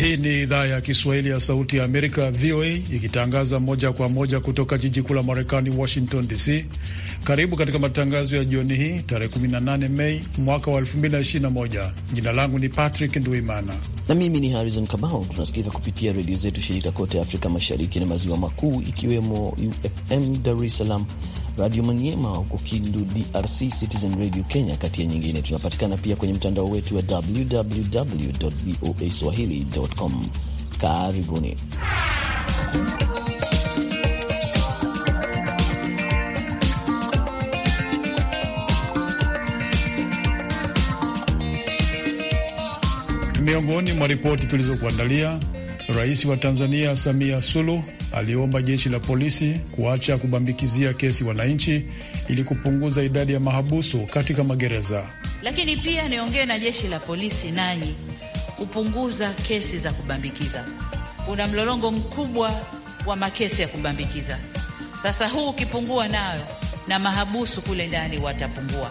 Hii ni idhaa ya Kiswahili ya Sauti ya Amerika, VOA, ikitangaza moja kwa moja kutoka jiji kuu la Marekani, Washington DC. Karibu katika matangazo ya jioni hii tarehe 18 Mei mwaka wa 2021. Jina langu ni Patrick Nduimana na mimi ni Harrison Kamau. Tunasikika kupitia redio zetu shirika kote Afrika Mashariki na Maziwa Makuu, ikiwemo UFM Dar es Salaam Radio manyema huko Kindu, DRC, Citizen Radio Kenya, kati ya nyingine. Tunapatikana pia kwenye mtandao wetu wa www voa swahili com. Karibuni. Miongoni mwa ripoti tulizokuandalia Rais wa Tanzania Samia Suluhu aliomba jeshi la polisi kuacha kubambikizia kesi wananchi ili kupunguza idadi ya mahabusu katika magereza. Lakini pia niongee na jeshi la polisi nanyi kupunguza kesi za kubambikiza. Kuna mlolongo mkubwa wa makesi ya kubambikiza. Sasa huu ukipungua, nayo na mahabusu kule ndani watapungua.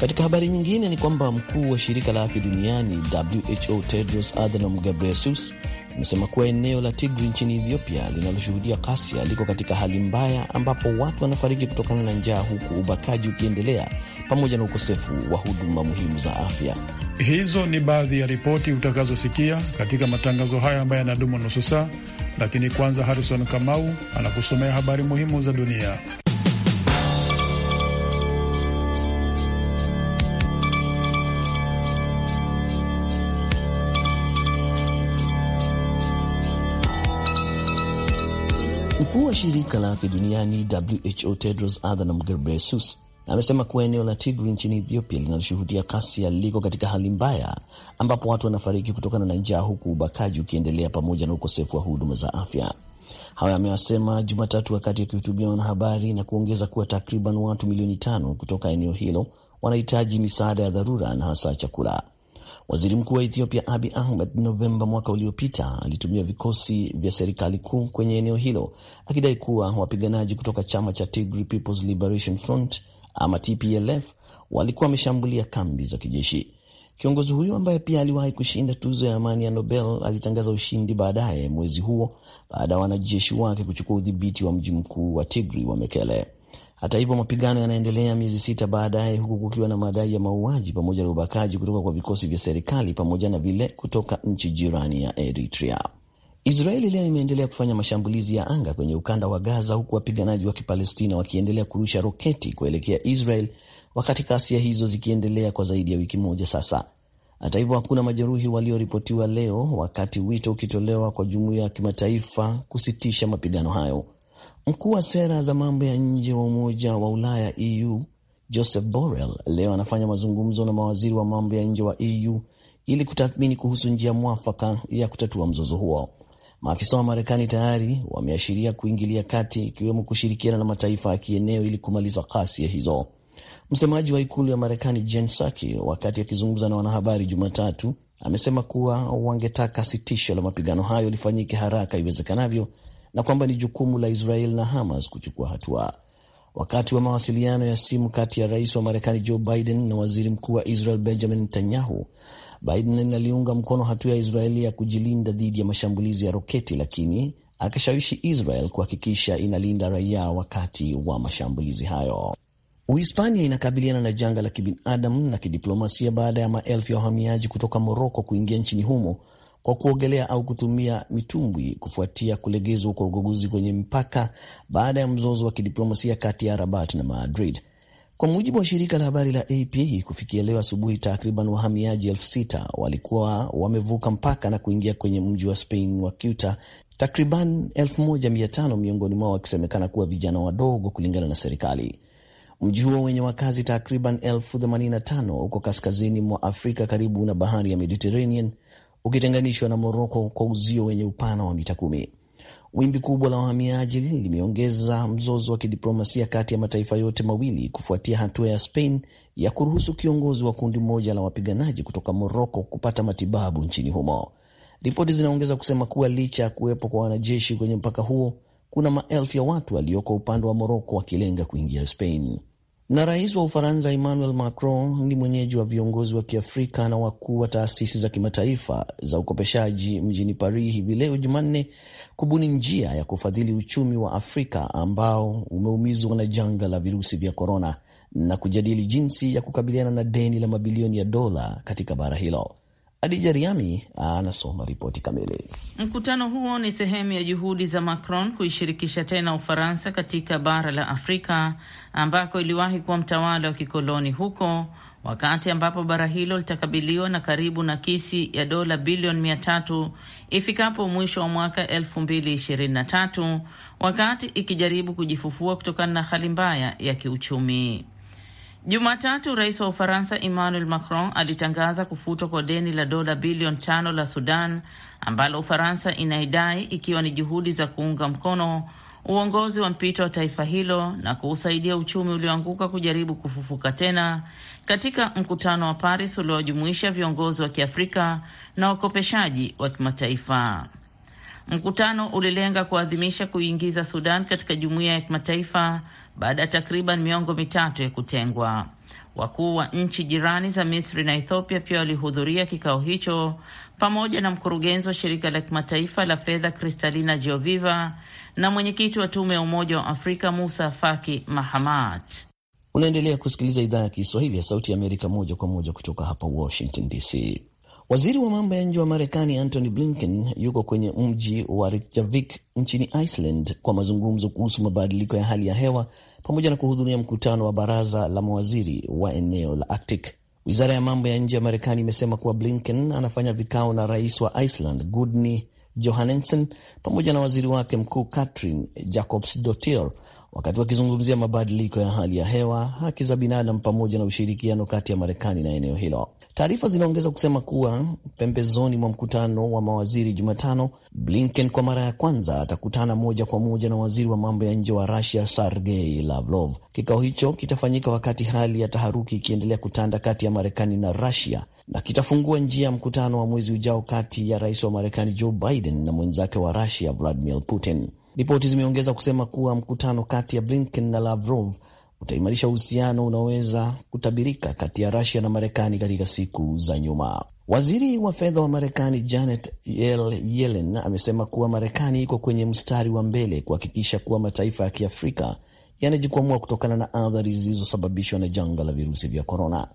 Katika habari nyingine ni kwamba mkuu wa shirika la afya duniani WHO Tedros Adhanom Ghebreyesus amesema kuwa eneo la Tigri nchini Ethiopia linaloshuhudia ghasia liko katika hali mbaya, ambapo watu wanafariki kutokana na njaa, huku ubakaji ukiendelea pamoja na ukosefu wa huduma muhimu za afya. Hizo ni baadhi ya ripoti utakazosikia katika matangazo haya ambayo yanadumu nusu saa, lakini kwanza, Harrison Kamau anakusomea habari muhimu za dunia. Mkuu wa shirika la afya duniani WHO Tedros Adhanom Ghebreyesus amesema kuwa eneo la tigri nchini Ethiopia linaloshuhudia kasi liko katika hali mbaya ambapo watu wanafariki kutokana na njaa huku ubakaji ukiendelea pamoja na ukosefu wa huduma za afya. Hayo amewasema Jumatatu wakati akihutubia wanahabari na kuongeza kuwa takriban watu milioni tano kutoka eneo hilo wanahitaji misaada ya dharura na hasa chakula. Waziri mkuu wa Ethiopia Abi Ahmed Novemba mwaka uliopita alitumia vikosi vya serikali kuu kwenye eneo hilo akidai kuwa wapiganaji kutoka chama cha Tigray People's Liberation Front ama TPLF walikuwa wameshambulia kambi za kijeshi. Kiongozi huyo ambaye pia aliwahi kushinda tuzo ya amani ya Nobel alitangaza ushindi baadaye mwezi huo baada ya wanajeshi wake kuchukua udhibiti wa mji mkuu wa Tigray wa Mekele. Hata hivyo mapigano yanaendelea miezi sita baadaye, huku kukiwa na madai ya mauaji pamoja na ubakaji kutoka kwa vikosi vya serikali pamoja na vile kutoka nchi jirani ya Eritrea. Israeli leo imeendelea kufanya mashambulizi ya anga kwenye ukanda wa Gaza, huku wapiganaji wa Kipalestina wakiendelea kurusha roketi kuelekea Israel, wakati ghasia hizo zikiendelea kwa zaidi ya wiki moja sasa. Hata hivyo hakuna majeruhi walioripotiwa leo, wakati wito ukitolewa kwa jumuiya ya kimataifa kusitisha mapigano hayo. Mkuu wa sera za mambo ya nje wa Umoja wa Ulaya EU Joseph Borrell leo anafanya mazungumzo na mawaziri wa mambo ya nje wa EU ili kutathmini kuhusu njia mwafaka ya kutatua mzozo huo. Maafisa wa Marekani tayari wameashiria kuingilia kati, ikiwemo kushirikiana na mataifa ya kieneo ili kumaliza ghasia hizo. Msemaji wa ikulu ya Marekani Jen Psaki, wakati akizungumza na wanahabari Jumatatu, amesema kuwa wangetaka sitisho la mapigano hayo lifanyike haraka iwezekanavyo na kwamba ni jukumu la Israel na Hamas kuchukua hatua. Wakati wa mawasiliano ya simu kati ya rais wa Marekani Joe Biden na waziri mkuu wa Israel Benjamin Netanyahu, Biden aliunga mkono hatua ya Israeli ya kujilinda dhidi ya mashambulizi ya roketi, lakini akashawishi Israel kuhakikisha inalinda raia wakati wa mashambulizi hayo. Uhispania inakabiliana na janga la kibinadamu na kidiplomasia baada ya maelfu ya wahamiaji kutoka Moroko kuingia nchini humo kwa kuogelea au kutumia mitumbwi kufuatia kulegezwa kwa ugoguzi kwenye mpaka baada ya mzozo wa kidiplomasia kati ya Rabat na Madrid. Kwa mujibu wa shirika la habari la AP, kufikia leo asubuhi, takriban wahamiaji elfu sita walikuwa wamevuka mpaka na kuingia kwenye mji wa Spain wa Ceuta, takriban tano miongoni mwao wakisemekana kuwa vijana wadogo, kulingana na serikali. Mji huo wenye wakazi takriban elfu tano uko kaskazini mwa Afrika karibu na bahari ya Mediterranean, ukitenganishwa na Moroko kwa uzio wenye upana wa mita kumi. Wimbi kubwa la wahamiaji limeongeza mzozo wa kidiplomasia kati ya mataifa yote mawili kufuatia hatua ya Spain ya kuruhusu kiongozi wa kundi moja la wapiganaji kutoka Moroko kupata matibabu nchini humo. Ripoti zinaongeza kusema kuwa licha ya kuwepo kwa wanajeshi kwenye mpaka huo, kuna maelfu ya watu walioko upande wa Moroko wakilenga kuingia Spain. Na rais wa Ufaransa Emmanuel Macron ni mwenyeji wa viongozi wa Kiafrika na wakuu wa taasisi za kimataifa za ukopeshaji mjini Paris hivi leo Jumanne kubuni njia ya kufadhili uchumi wa Afrika ambao umeumizwa na janga la virusi vya korona na kujadili jinsi ya kukabiliana na deni la mabilioni ya dola katika bara hilo. Adija Riami ah, anasoma ripoti kamili. Mkutano huo ni sehemu ya juhudi za Macron kuishirikisha tena Ufaransa katika bara la Afrika ambako iliwahi kuwa mtawala wa kikoloni huko, wakati ambapo bara hilo litakabiliwa na karibu na kisi ya dola bilioni mia tatu ifikapo mwisho wa mwaka elfu mbili ishirini na tatu wakati ikijaribu kujifufua kutokana na hali mbaya ya kiuchumi. Jumatatu rais wa Ufaransa Emmanuel Macron alitangaza kufutwa kwa deni la dola bilioni tano la Sudan ambalo Ufaransa inaidai ikiwa ni juhudi za kuunga mkono uongozi wa mpito wa taifa hilo na kuusaidia uchumi ulioanguka kujaribu kufufuka tena, katika mkutano wa Paris uliojumuisha viongozi wa Kiafrika na wakopeshaji wa kimataifa. Mkutano ulilenga kuadhimisha kuingiza Sudan katika jumuiya ya kimataifa baada ya takriban miongo mitatu ya kutengwa. Wakuu wa nchi jirani za Misri na Ethiopia pia walihudhuria kikao hicho pamoja na mkurugenzi wa shirika la kimataifa la fedha Kristalina Georgieva na mwenyekiti wa tume ya Umoja wa Afrika Musa Faki Mahamat. Unaendelea kusikiliza idhaa ya Kiswahili ya Sauti ya Amerika moja kwa moja kutoka hapa Washington DC. Waziri wa mambo ya nje wa Marekani Antony Blinken yuko kwenye mji wa Reykjavik nchini Iceland kwa mazungumzo kuhusu mabadiliko ya hali ya hewa pamoja na kuhudhuria mkutano wa baraza la mawaziri wa eneo la Arctic. Wizara ya mambo ya nje ya Marekani imesema kuwa Blinken anafanya vikao na rais wa Iceland Gudni Johannesson pamoja na waziri wake mkuu Katrin Jacobsdottir wakati wakizungumzia mabadiliko ya hali ya hewa, haki za binadamu, pamoja na ushirikiano kati ya Marekani na eneo hilo. Taarifa zinaongeza kusema kuwa pembezoni mwa mkutano wa mawaziri Jumatano, Blinken kwa mara ya kwanza atakutana moja kwa moja na waziri wa mambo ya nje wa Rusia, Sergei Lavrov. Kikao hicho kitafanyika wakati hali ya taharuki ikiendelea kutanda kati ya Marekani na Rusia na kitafungua njia ya mkutano wa mwezi ujao kati ya rais wa Marekani Joe Biden na mwenzake wa Rusia Vladimir Putin. Ripoti zimeongeza kusema kuwa mkutano kati ya Blinken na Lavrov utaimarisha uhusiano unaoweza kutabirika kati ya Rusia na Marekani katika siku za nyuma. Waziri wa fedha wa Marekani Janet Yellen amesema kuwa Marekani iko kwenye mstari wa mbele kuhakikisha kuwa mataifa ya Kiafrika yanajikwamua kutokana na athari zilizosababishwa na janga la virusi vya korona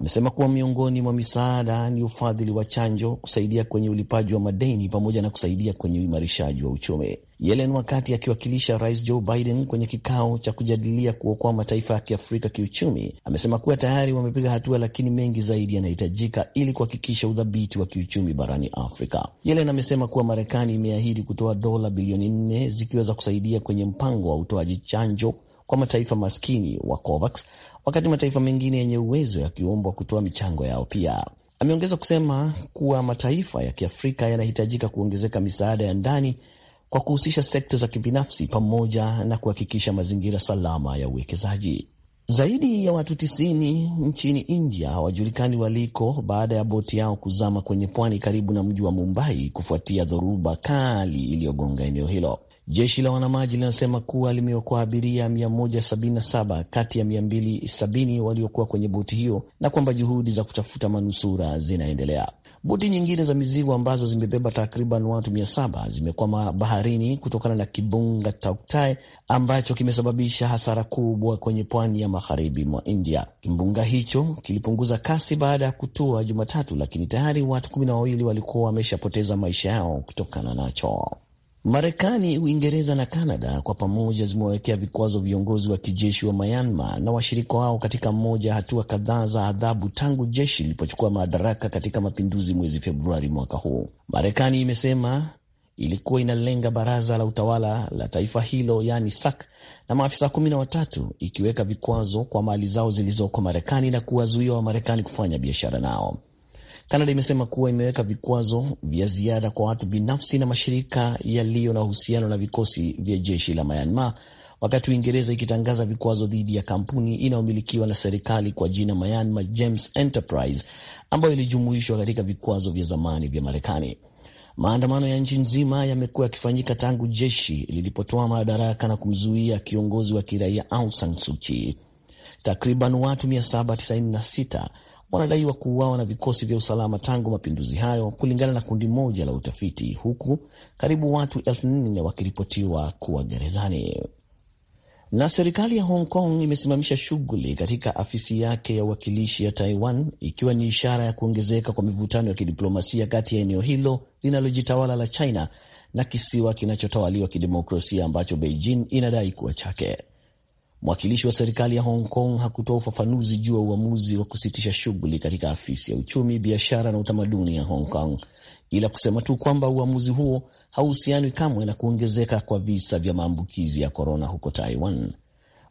amesema kuwa miongoni mwa misaada ni ufadhili wa chanjo, kusaidia kwenye ulipaji wa madeni pamoja na kusaidia kwenye uimarishaji wa uchumi. Yellen wakati akiwakilisha Rais Joe Biden kwenye kikao cha kujadilia kuokoa mataifa ya Kiafrika kiuchumi, amesema kuwa tayari wamepiga hatua, lakini mengi zaidi yanahitajika ili kuhakikisha udhabiti wa kiuchumi barani Afrika. Yellen amesema kuwa Marekani imeahidi kutoa dola bilioni nne zikiwa za kusaidia kwenye mpango wa utoaji chanjo kwa mataifa maskini wa COVAX, wakati mataifa mengine yenye uwezo yakiombwa kutoa michango yao pia. Ameongeza kusema kuwa mataifa ya Kiafrika yanahitajika kuongezeka misaada ya ndani kwa kuhusisha sekta za kibinafsi pamoja na kuhakikisha mazingira salama ya uwekezaji. Zaidi ya watu 90 nchini India hawajulikani waliko baada ya boti yao kuzama kwenye pwani karibu na mji wa Mumbai kufuatia dhoruba kali iliyogonga eneo hilo. Jeshi la wanamaji linasema kuwa limeokoa abiria 177 kati ya 270 waliokuwa kwenye boti hiyo na kwamba juhudi za kutafuta manusura zinaendelea. Boti nyingine za mizigo ambazo zimebeba takriban watu 700 zimekwama baharini kutokana na kimbunga Tauktae ambacho kimesababisha hasara kubwa kwenye pwani ya magharibi mwa India. Kimbunga hicho kilipunguza kasi baada ya kutua Jumatatu, lakini tayari watu kumi na wawili walikuwa wameshapoteza maisha yao kutokana nacho. Marekani, Uingereza na Kanada kwa pamoja zimewawekea vikwazo viongozi wa kijeshi wa Myanmar na washirika wao katika mmoja hatua kadhaa za adhabu tangu jeshi lilipochukua madaraka katika mapinduzi mwezi Februari mwaka huu. Marekani imesema ilikuwa inalenga baraza la utawala la taifa hilo yani SAK na maafisa kumi na watatu ikiweka vikwazo kwa mali zao zilizoko Marekani na kuwazuia Wamarekani kufanya biashara nao. Kanada imesema kuwa imeweka vikwazo vya ziada kwa watu binafsi na mashirika yaliyo na uhusiano na vikosi vya jeshi la Myanmar, wakati Uingereza ikitangaza vikwazo dhidi ya kampuni inayomilikiwa na serikali kwa jina Myanmar James Enterprise ambayo ilijumuishwa katika vikwazo vya zamani vya Marekani. Maandamano ya nchi nzima yamekuwa yakifanyika tangu jeshi lilipotoa madaraka na kumzuia kiongozi wa kiraia Aung San Suu Kyi. Takriban watu 796 wanadaiwa kuuawa na vikosi vya usalama tangu mapinduzi hayo, kulingana na kundi moja la utafiti, huku karibu watu elfu nne wakiripotiwa kuwa gerezani. Na serikali ya Hong Kong imesimamisha shughuli katika afisi yake ya uwakilishi ya Taiwan, ikiwa ni ishara ya kuongezeka kwa mivutano ya kidiplomasia kati ya eneo hilo linalojitawala la China na kisiwa kinachotawaliwa kidemokrasia ambacho Beijing inadai kuwa chake. Mwakilishi wa serikali ya Hong Kong hakutoa ufafanuzi juu ya uamuzi wa kusitisha shughuli katika afisi ya uchumi, biashara na utamaduni ya Hong Kong, ila kusema tu kwamba uamuzi huo hauhusiani kamwe na kuongezeka kwa visa vya maambukizi ya korona huko Taiwan.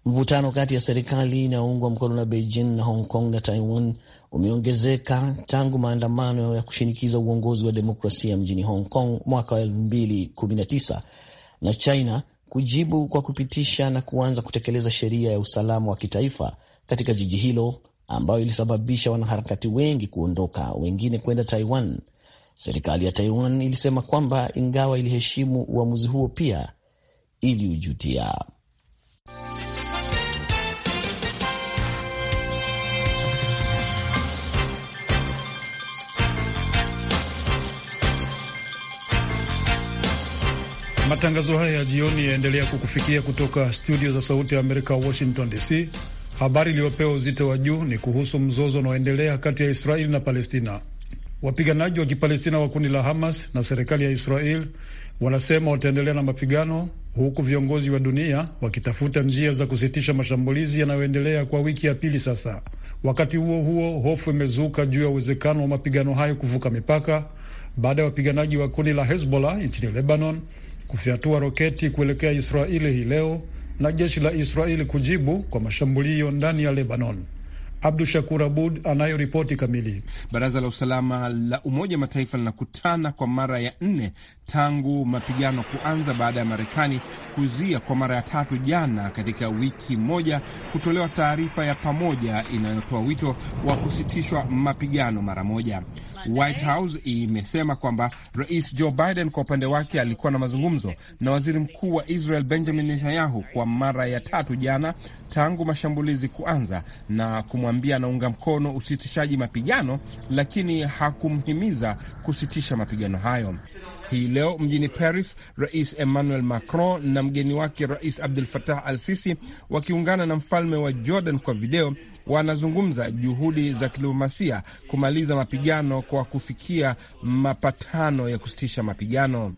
Mvutano kati ya serikali inayoungwa mkono na Beijing na Hong Kong na Taiwan umeongezeka tangu maandamano ya kushinikiza uongozi wa demokrasia mjini Hong Kong mwaka wa 2019 na China kujibu kwa kupitisha na kuanza kutekeleza sheria ya usalama wa kitaifa katika jiji hilo ambayo ilisababisha wanaharakati wengi kuondoka, wengine kwenda Taiwan. Serikali ya Taiwan ilisema kwamba ingawa iliheshimu uamuzi huo, pia iliujutia. Matangazo haya ya jioni yaendelea kukufikia kutoka studio za Sauti ya Amerika, Washington DC. Habari iliyopewa uzito wa juu ni kuhusu mzozo unaoendelea kati ya Israeli na Palestina. Wapiganaji wa Kipalestina wa kundi la Hamas na serikali ya Israel wanasema wataendelea na mapigano, huku viongozi wa dunia wakitafuta njia za kusitisha mashambulizi yanayoendelea kwa wiki ya pili sasa. Wakati huo huo, hofu imezuka juu ya uwezekano wa mapigano hayo kuvuka mipaka baada ya wapiganaji wa kundi la Hezbollah nchini Lebanon kufyatua roketi kuelekea Israeli hii leo na jeshi la Israeli kujibu kwa mashambulio ndani ya Lebanon. Abdu Shakur Abud anayo ripoti kamili. Baraza la usalama la Umoja wa Mataifa linakutana kwa mara ya nne tangu mapigano kuanza baada ya Marekani kuzuia kwa mara ya tatu jana katika wiki moja kutolewa taarifa ya pamoja inayotoa wito wa kusitishwa mapigano mara moja. White House imesema kwamba Rais Joe Biden kwa upande wake alikuwa na mazungumzo na waziri mkuu wa Israel Benjamin Netanyahu kwa mara ya tatu jana tangu mashambulizi kuanza, na kumwambia anaunga mkono usitishaji mapigano, lakini hakumhimiza kusitisha mapigano hayo. Hii leo mjini Paris, Rais Emmanuel Macron na mgeni wake Rais Abdul fatah al Sisi wakiungana na mfalme wa Jordan kwa video wanazungumza juhudi za kidiplomasia kumaliza mapigano kwa kufikia mapatano ya kusitisha mapigano.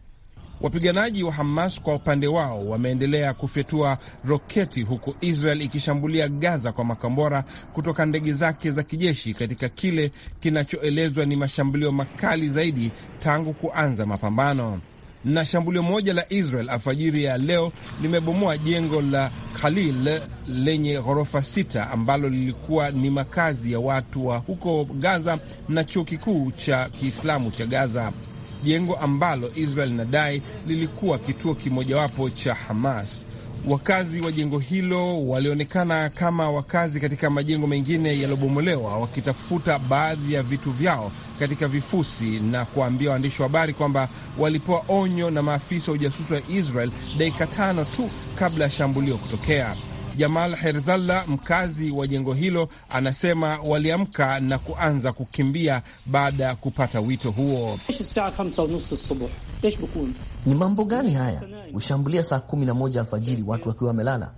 Wapiganaji wa Hamas kwa upande wao wameendelea kufyatua roketi huku Israel ikishambulia Gaza kwa makombora kutoka ndege zake za kijeshi katika kile kinachoelezwa ni mashambulio makali zaidi tangu kuanza mapambano. Na shambulio moja la Israel alfajiri ya leo limebomoa jengo la Khalil lenye ghorofa sita ambalo lilikuwa ni makazi ya watu wa huko Gaza na chuo kikuu cha Kiislamu cha Gaza, jengo ambalo Israel inadai lilikuwa kituo kimojawapo cha Hamas. Wakazi wa jengo hilo walionekana kama wakazi katika majengo mengine yaliyobomolewa wakitafuta baadhi ya vitu vyao katika vifusi na kuwaambia waandishi wa habari kwamba walipewa onyo na maafisa wa ujasusi wa Israel dakika tano tu kabla ya shambulio kutokea. Jamal Herzalla, mkazi wa jengo hilo, anasema waliamka na kuanza kukimbia baada ya kupata wito huo. Ni mambo gani haya? Hushambulia saa kumi na moja alfajiri watu wakiwa wamelala.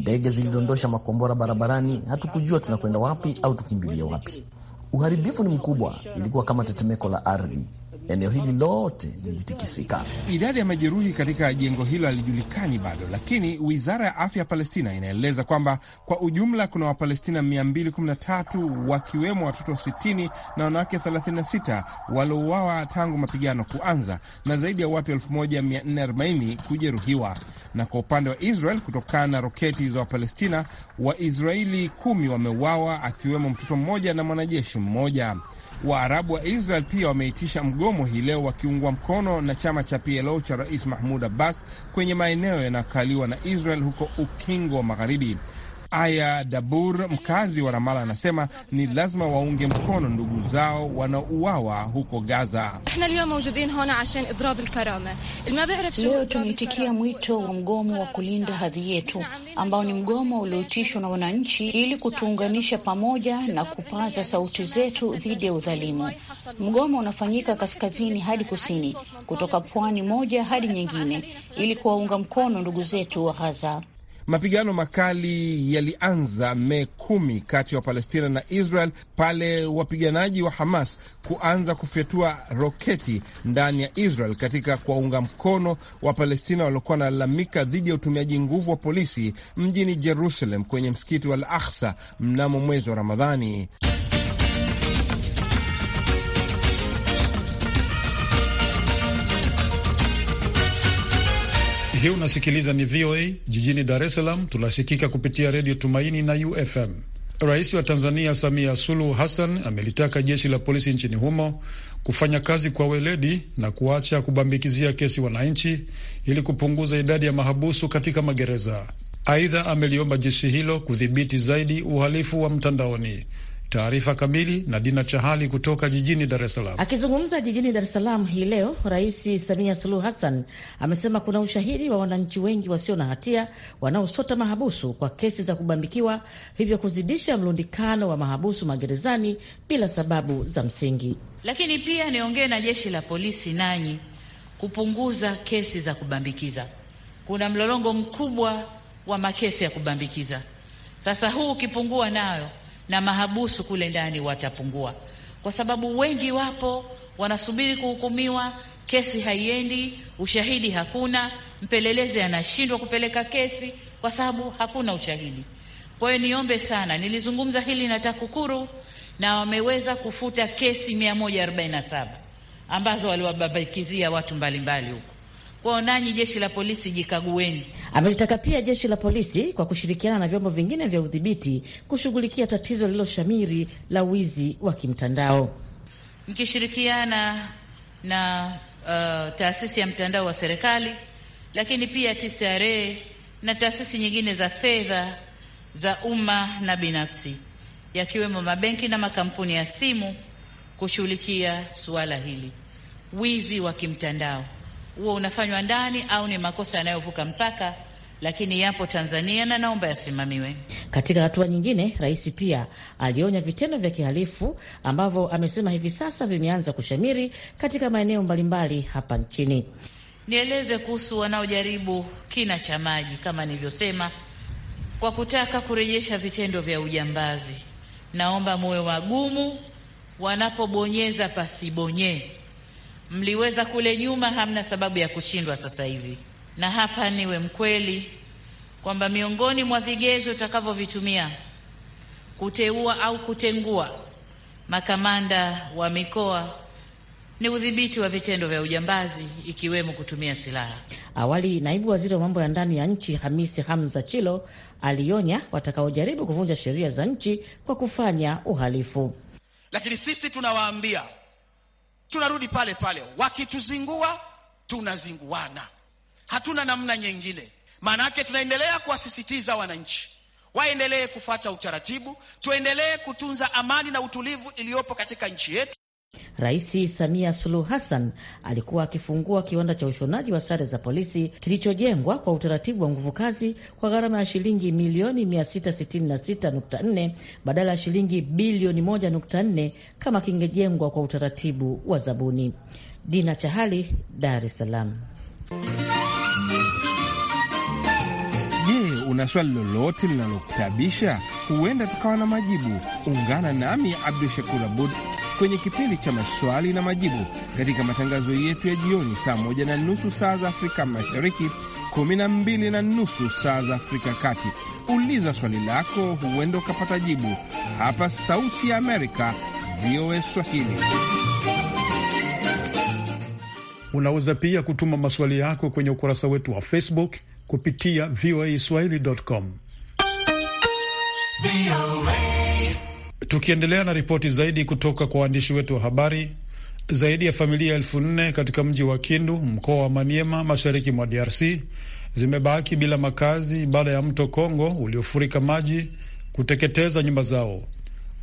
Ndege zilidondosha makombora barabarani, hatukujua tunakwenda wapi au tukimbilie wapi. Uharibifu ni mkubwa, ilikuwa kama tetemeko la ardhi eneo hili lote lilitikisika. Idadi ya majeruhi katika jengo hilo halijulikani bado, lakini wizara ya afya ya Palestina inaeleza kwamba kwa ujumla kuna Wapalestina 213 wakiwemo watoto 60 na wanawake 36 waliouawa tangu mapigano kuanza na zaidi ya watu 1440 kujeruhiwa. Na kwa upande wa Israel, kutokana na roketi za Wapalestina, Waisraeli kumi wameuawa akiwemo mtoto mmoja na mwanajeshi mmoja. Waarabu wa Israel pia wameitisha mgomo hii leo wakiungwa mkono na chama cha PLO cha Rais Mahmud Abbas kwenye maeneo yanayokaliwa na Israel huko Ukingo wa Magharibi. Aya Dabur, mkazi wa Ramala, anasema ni lazima waunge mkono ndugu zao wanaouawa huko Gaza. Leo tumeitikia mwito wa mgomo wa kulinda hadhi yetu, ambao ni mgomo ulioitishwa na wananchi ili kutuunganisha pamoja na kupaza sauti zetu dhidi ya udhalimu. Mgomo unafanyika kaskazini hadi kusini, kutoka pwani moja hadi nyingine, ili kuwaunga mkono ndugu zetu wa Gaza. Mapigano makali yalianza Mei kumi kati ya wapalestina na Israel pale wapiganaji wa Hamas kuanza kufyatua roketi ndani ya Israel katika kuwaunga mkono wa Palestina waliokuwa wanalalamika dhidi ya utumiaji nguvu wa polisi mjini Jerusalem kwenye msikiti wa Al Aksa mnamo mwezi wa Ramadhani. Hii unasikiliza ni VOA jijini Dar es Salaam, tunasikika kupitia redio Tumaini na UFM. Rais wa Tanzania Samia Suluhu Hassan amelitaka jeshi la polisi nchini humo kufanya kazi kwa weledi na kuacha kubambikizia kesi wananchi ili kupunguza idadi ya mahabusu katika magereza. Aidha, ameliomba jeshi hilo kudhibiti zaidi uhalifu wa mtandaoni. Taarifa kamili na Dina Chahali kutoka jijini Dar es Salaam. Akizungumza jijini Dar es Salaam hii leo, Rais Samia Suluhu Hassan amesema kuna ushahidi wa wananchi wengi wasio na hatia wanaosota mahabusu kwa kesi za kubambikiwa, hivyo kuzidisha mlundikano wa mahabusu magerezani bila sababu za msingi. Lakini pia niongee na jeshi la polisi nanyi kupunguza kesi za kubambikiza. Kuna mlolongo mkubwa wa makesi ya kubambikiza, sasa huu ukipungua nayo na mahabusu kule ndani watapungua, kwa sababu wengi wapo wanasubiri kuhukumiwa, kesi haiendi, ushahidi hakuna, mpelelezi anashindwa kupeleka kesi kwa sababu hakuna ushahidi. Kwa hiyo niombe sana, nilizungumza hili na TAKUKURU na wameweza kufuta kesi 147 ambazo waliwababikizia watu mbalimbali huko Kwao nanyi jeshi la polisi jikagueni. Amelitaka pia jeshi la polisi kwa kushirikiana na vyombo vingine vya udhibiti kushughulikia tatizo lililoshamiri la wizi wa kimtandao mkishirikiana na uh, taasisi ya mtandao wa serikali, lakini pia TCRA na taasisi nyingine za fedha za umma na binafsi, yakiwemo mabenki na makampuni ya simu kushughulikia suala hili wizi wa kimtandao huo unafanywa ndani au ni makosa yanayovuka mpaka, lakini yapo Tanzania na naomba yasimamiwe. Katika hatua nyingine, rais pia alionya vitendo vya kihalifu ambavyo amesema hivi sasa vimeanza kushamiri katika maeneo mbalimbali hapa nchini. Nieleze kuhusu wanaojaribu kina cha maji, kama nilivyosema, kwa kutaka kurejesha vitendo vya ujambazi. Naomba muwe wagumu, wanapobonyeza pasibonyee Mliweza kule nyuma, hamna sababu ya kushindwa sasa hivi. Na hapa niwe mkweli kwamba miongoni mwa vigezo utakavyovitumia kuteua au kutengua makamanda wa mikoa ni udhibiti wa vitendo vya ujambazi ikiwemo kutumia silaha. Awali, naibu waziri wa mambo ya ndani ya nchi Hamisi Hamza Chilo alionya watakaojaribu kuvunja sheria za nchi kwa kufanya uhalifu, lakini sisi tunawaambia tunarudi pale pale, wakituzingua tunazinguana, hatuna namna nyingine. Maana yake tunaendelea kuwasisitiza wananchi waendelee kufata utaratibu, tuendelee kutunza amani na utulivu iliyopo katika nchi yetu. Rais Samia Suluhu Hassan alikuwa akifungua kiwanda cha ushonaji wa sare za polisi kilichojengwa kwa utaratibu wa nguvu kazi kwa gharama ya shilingi milioni 666.4 badala ya shilingi bilioni 1.4 kama kingejengwa kwa utaratibu wa zabuni. Dina Chahali, Dar es Salaam. Je, una swali lolote linalokutabisha? Huenda tukawa na majibu. Ungana nami Abdu Shakur Abud kwenye kipindi cha maswali na majibu katika matangazo yetu ya jioni saa moja na nusu saa za Afrika Mashariki, kumi na mbili na nusu saa za Afrika Kati. Uliza swali lako, huenda ukapata jibu hapa Sauti ya Amerika, VOA Swahili. Unaweza pia kutuma maswali yako kwenye ukurasa wetu wa Facebook kupitia voaswahili.com. Tukiendelea na ripoti zaidi kutoka kwa waandishi wetu wa habari, zaidi ya familia elfu nne katika mji wa Kindu, mkoa wa Maniema, mashariki mwa DRC zimebaki bila makazi baada ya mto Kongo uliofurika maji kuteketeza nyumba zao.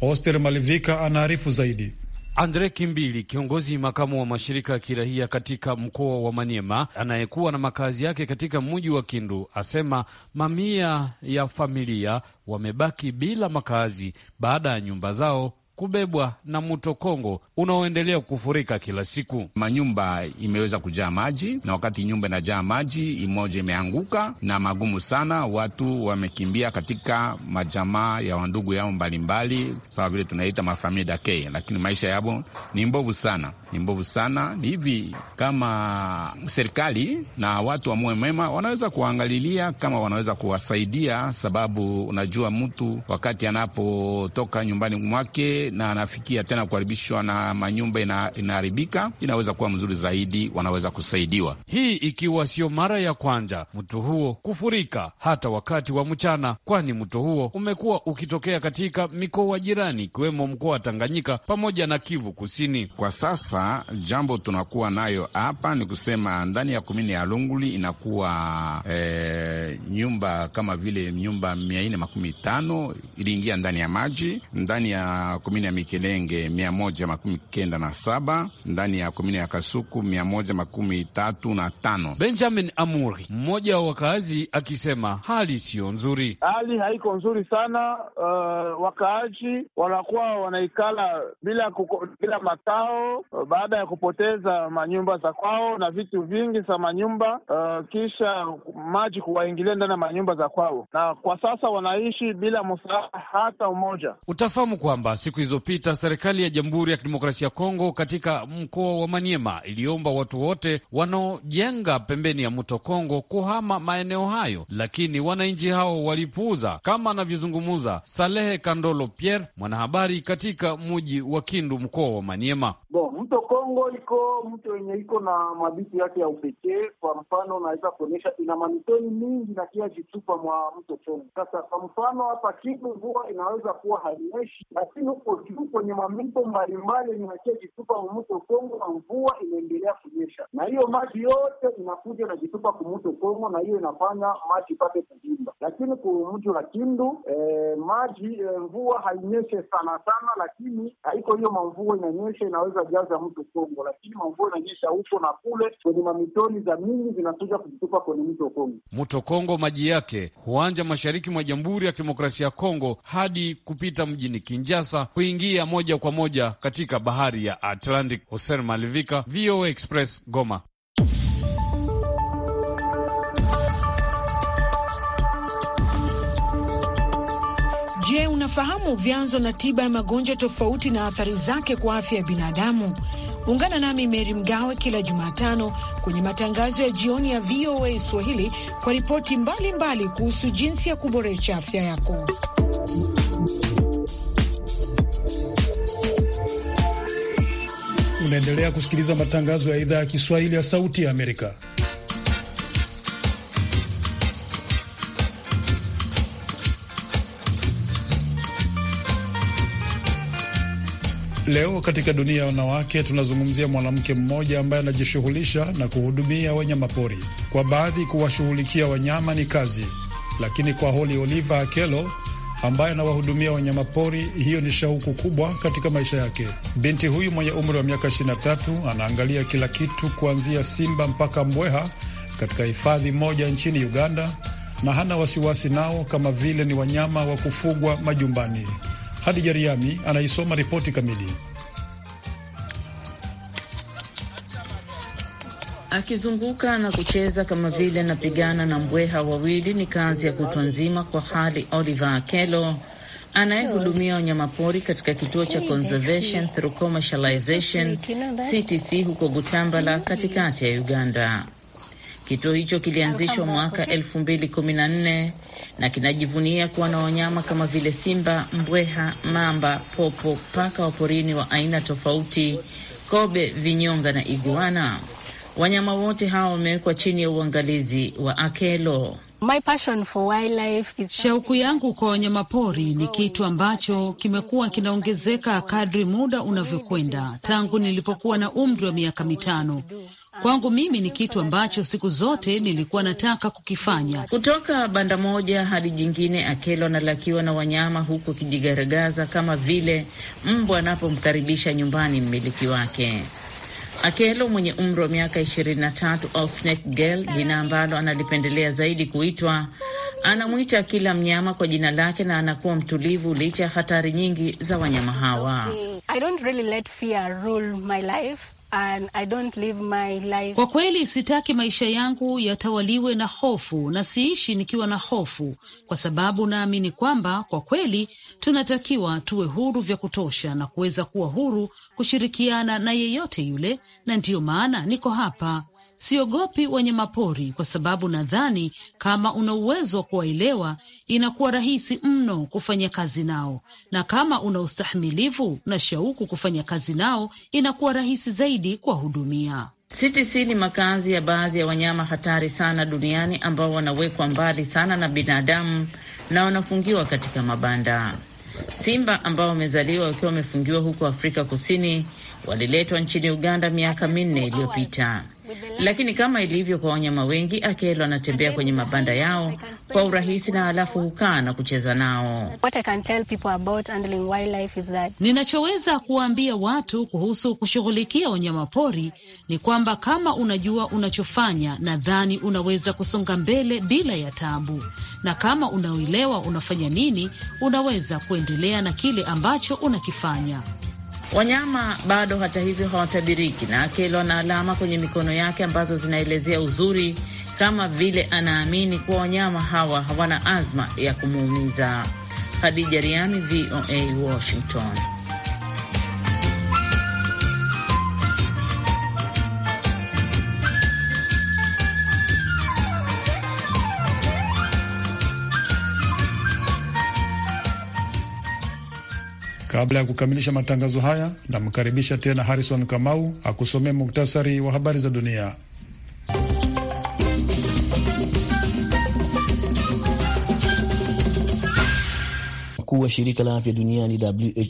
Oster Malivika anaarifu zaidi. Andre Kimbili, kiongozi makamu wa mashirika ya kirahia katika mkoa wa Maniema anayekuwa na makazi yake katika mji wa Kindu, asema mamia ya familia wamebaki bila makazi baada ya nyumba zao kubebwa na mto Kongo unaoendelea kufurika kila siku. Manyumba imeweza kujaa maji, na wakati nyumba inajaa maji, moja imeanguka na magumu sana. Watu wamekimbia katika majamaa ya wandugu yao mbalimbali, sawa vile tunaita mafamilia dake, lakini maisha yao ni mbovu sana, ni mbovu sana. Ni hivi kama serikali na watu wa moyo mwema wanaweza kuwaangalilia kama wanaweza kuwasaidia, sababu unajua mtu wakati anapotoka nyumbani mwake na anafikia tena kuharibishwa na manyumba inaharibika, inaweza kuwa mzuri zaidi, wanaweza kusaidiwa. Hii ikiwa sio mara ya kwanza mto huo kufurika hata wakati wa mchana, kwani mto huo umekuwa ukitokea katika mikoa jirani ikiwemo mkoa wa Tanganyika pamoja na Kivu Kusini. Kwa sasa jambo tunakuwa nayo hapa ni kusema ndani ya komini ya Lunguli inakuwa e, nyumba kama vile nyumba mia nne makumi tano iliingia ndani ya maji ndani ya komini komini ya Mikelenge mia moja makumi kenda na saba ndani ya komini ya Kasuku mia moja makumi tatu na tano. Benjamin Amuri, mmoja wa wakaazi, akisema hali siyo nzuri, hali haiko nzuri sana. Uh, wakaaji wanakuwa wanaikala bila kuko, bila makao uh, baada ya kupoteza manyumba za kwao na vitu vingi za manyumba uh, kisha maji kuwaingilia ndani ya manyumba za kwao, na kwa sasa wanaishi bila msaada hata mmoja. Utafahamu kwamba siku zilizopita serikali ya Jamhuri ya Kidemokrasia ya Kongo katika mkoa wa Maniema iliomba watu wote wanaojenga pembeni ya mto Kongo kuhama maeneo hayo, lakini wananchi hao walipuuza, kama anavyozungumza Salehe Kandolo Pierre, mwanahabari katika mji wa Kindu, mkoa wa Maniema. Bo, mto Kongo iko mto wenye iko na mabitu yake ya upekee. Kwa mfano, unaweza kuonyesha ina mamitoni mingi na kila jitupa mwa mto Kongo. Sasa kwa mfano hapa Kindu mvua inaweza kuwa hainyeshi, lakini huko iko juu kwenye mamito mbalimbali yenye jitupa mumuto Kongo na mvua inaendelea kunyesha, na hiyo maji yote inakuja inajitupa kumuto Kongo, na hiyo inafanya maji ipate kujimba. Lakini mji la Kindu eh, maji eh, mvua hainyeshe sana sana, lakini haiko hiyo mamvua inanyesha inaweza jaza mto Kongo, lakini mamvua inanyesha huko na kule kwenye mamitoni za mingi zinakuja kujitupa kwenye mto Kongo. Mto Kongo maji yake huanja mashariki mwa Jamhuri ya Kidemokrasia ya Kongo hadi kupita mjini kinjasa kuingia moja kwa moja katika bahari ya Atlantic. Hoser Malivika, VOA Express, Goma. Je, unafahamu vyanzo na tiba ya magonjwa tofauti na athari zake kwa afya ya binadamu? Ungana nami Meri Mgawe kila Jumatano kwenye matangazo ya jioni ya VOA Swahili kwa ripoti mbalimbali kuhusu jinsi ya kuboresha afya yako. Unaendelea kusikiliza matangazo ya idhaa ya Kiswahili ya Sauti ya Amerika. Leo katika dunia ya wanawake tunazungumzia mwanamke mmoja ambaye anajishughulisha na kuhudumia wanyamapori. Kwa baadhi, kuwashughulikia wanyama ni kazi, lakini kwa Holi Oliva Akelo ambaye anawahudumia wanyamapori. Hiyo ni shauku kubwa katika maisha yake. Binti huyu mwenye umri wa miaka 23 anaangalia kila kitu kuanzia simba mpaka mbweha katika hifadhi moja nchini Uganda, na hana wasiwasi nao kama vile ni wanyama wa kufugwa majumbani. Hadi Jariami anaisoma ripoti kamili. akizunguka na kucheza kama vile anapigana na mbweha wawili ni kazi ya kutwa nzima kwa hali Oliver Akelo anayehudumia wanyamapori katika kituo cha Conservation through Commercialization CTC huko butambala katikati ya Uganda. Kituo hicho kilianzishwa mwaka 2014 na kinajivunia kuwa na wanyama kama vile simba, mbweha, mamba, popo, paka wa porini wa aina tofauti, kobe, vinyonga na iguana. Wanyama wote hawa wamewekwa chini ya uangalizi wa Akelo. Shauku yangu kwa wanyamapori ni kitu ambacho kimekuwa kinaongezeka kadri muda unavyokwenda tangu nilipokuwa na umri wa miaka mitano. Kwangu mimi ni kitu ambacho siku zote nilikuwa nataka kukifanya. Kutoka banda moja hadi jingine, Akelo analakiwa na wanyama huku akijigaragaza kama vile mbwa anapomkaribisha nyumbani mmiliki wake. Akelo mwenye umri wa miaka ishirini na tatu au Snake Girl, jina ambalo analipendelea zaidi kuitwa, anamwita kila mnyama kwa jina lake na anakuwa mtulivu licha ya hatari nyingi za wanyama hawa. I don't really let fear rule my life. And I don't live my life. Kwa kweli sitaki maisha yangu yatawaliwe na hofu na siishi nikiwa na hofu, kwa sababu naamini kwamba kwa kweli tunatakiwa tuwe huru vya kutosha na kuweza kuwa huru kushirikiana na yeyote yule, na ndiyo maana niko hapa Siogopi wanyamapori kwa sababu nadhani kama una uwezo wa kuwaelewa inakuwa rahisi mno kufanya kazi nao, na kama una ustahimilivu na shauku kufanya kazi nao inakuwa rahisi zaidi kuwahudumia. CTC ni makazi ya baadhi ya wanyama hatari sana duniani ambao wanawekwa mbali sana na binadamu na wanafungiwa katika mabanda. Simba ambao wamezaliwa wakiwa wamefungiwa huko Afrika Kusini waliletwa nchini Uganda miaka minne iliyopita. Lakini kama ilivyo kwa wanyama wengi, akelo anatembea kwenye mabanda yao kwa urahisi na halafu hukaa na kucheza nao. Ninachoweza kuwaambia watu kuhusu kushughulikia wanyamapori ni kwamba kama unajua unachofanya, nadhani unaweza kusonga mbele bila ya tabu, na kama unaoelewa unafanya nini, unaweza kuendelea na kile ambacho unakifanya. Wanyama bado hata hivyo hawatabiriki, na Akelo ana alama kwenye mikono yake ambazo zinaelezea uzuri, kama vile anaamini kuwa wanyama hawa hawana azma ya kumuumiza. Khadija Riami, VOA, Washington. Kabla ya kukamilisha matangazo haya, namkaribisha tena Harrison Kamau akusomea muktasari wa habari za dunia. Mkuu wa shirika la afya duniani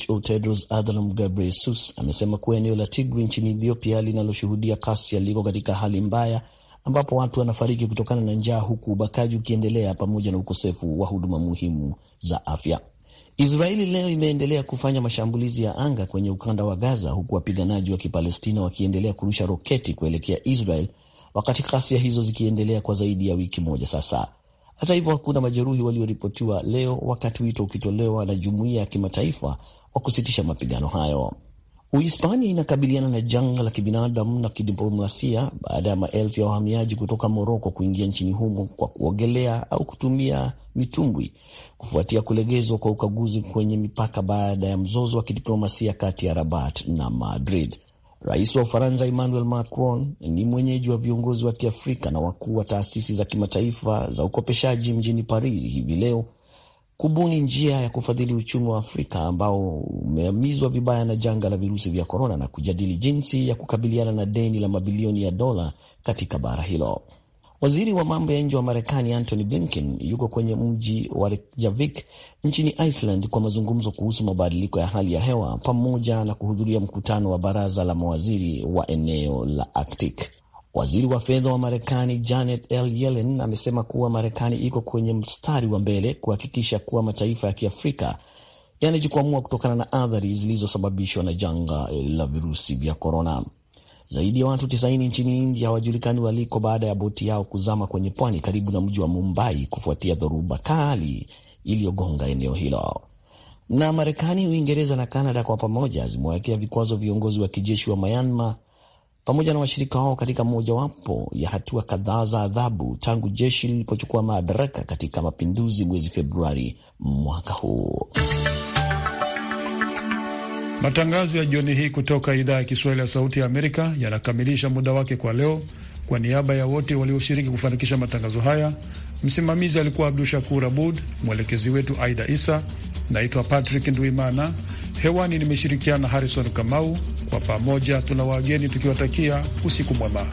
WHO Tedros Adhanom Ghebreyesus amesema kuwa eneo la Tigray nchini Ethiopia linaloshuhudia kasi yaliko katika hali mbaya ambapo watu wanafariki kutokana na njaa huku ubakaji ukiendelea pamoja na ukosefu wa huduma muhimu za afya. Israeli leo imeendelea kufanya mashambulizi ya anga kwenye ukanda wa Gaza, huku wapiganaji wa Kipalestina wakiendelea kurusha roketi kuelekea Israel, wakati ghasia hizo zikiendelea kwa zaidi ya wiki moja sasa. Hata hivyo, hakuna majeruhi walioripotiwa leo, wakati wito ukitolewa na jumuiya ya kimataifa wa kusitisha mapigano hayo. Uhispania inakabiliana na janga la kibinadamu na kidiplomasia baada ya maelfu ya wahamiaji kutoka Moroko kuingia nchini humo kwa kuogelea au kutumia mitumbwi kufuatia kulegezwa kwa ukaguzi kwenye mipaka baada ya mzozo wa kidiplomasia kati ya Rabat na Madrid. Rais wa Ufaransa Emmanuel Macron ni mwenyeji wa viongozi wa Kiafrika na wakuu wa taasisi za kimataifa za ukopeshaji mjini Paris hivi leo kubuni njia ya kufadhili uchumi wa Afrika ambao umeamizwa vibaya na janga la virusi vya korona na kujadili jinsi ya kukabiliana na deni la mabilioni ya dola katika bara hilo. Waziri wa mambo ya nje wa Marekani Antony Blinken yuko kwenye mji wa Reykjavik nchini Iceland kwa mazungumzo kuhusu mabadiliko ya hali ya hewa pamoja na kuhudhuria mkutano wa baraza la mawaziri wa eneo la Arctic. Waziri wa fedha wa Marekani Janet L. Yellen amesema kuwa Marekani iko kwenye mstari wa mbele kuhakikisha kuwa mataifa ya Kiafrika yanajikwamua kutokana na athari zilizosababishwa na janga la virusi vya korona. Zaidi ya watu 90 nchini India hawajulikani waliko baada ya boti yao kuzama kwenye pwani karibu na mji wa Mumbai kufuatia dhoruba kali iliyogonga eneo hilo. Na Marekani, Uingereza na Kanada kwa pamoja zimewawekea vikwazo viongozi wa kijeshi wa Myanmar pamoja na washirika wao katika mojawapo ya hatua kadhaa za adhabu tangu jeshi lilipochukua madaraka katika mapinduzi mwezi Februari mwaka huu. Matangazo ya jioni hii kutoka idhaa ya Kiswahili ya Sauti ya Amerika yanakamilisha muda wake kwa leo. Kwa niaba ya wote walioshiriki kufanikisha matangazo haya, msimamizi alikuwa Abdu Shakur Abud, mwelekezi wetu Aida Isa. Naitwa Patrick Ndwimana, hewani nimeshirikiana Harrison Kamau. Kwa pamoja tuna wageni tukiwatakia usiku mwema.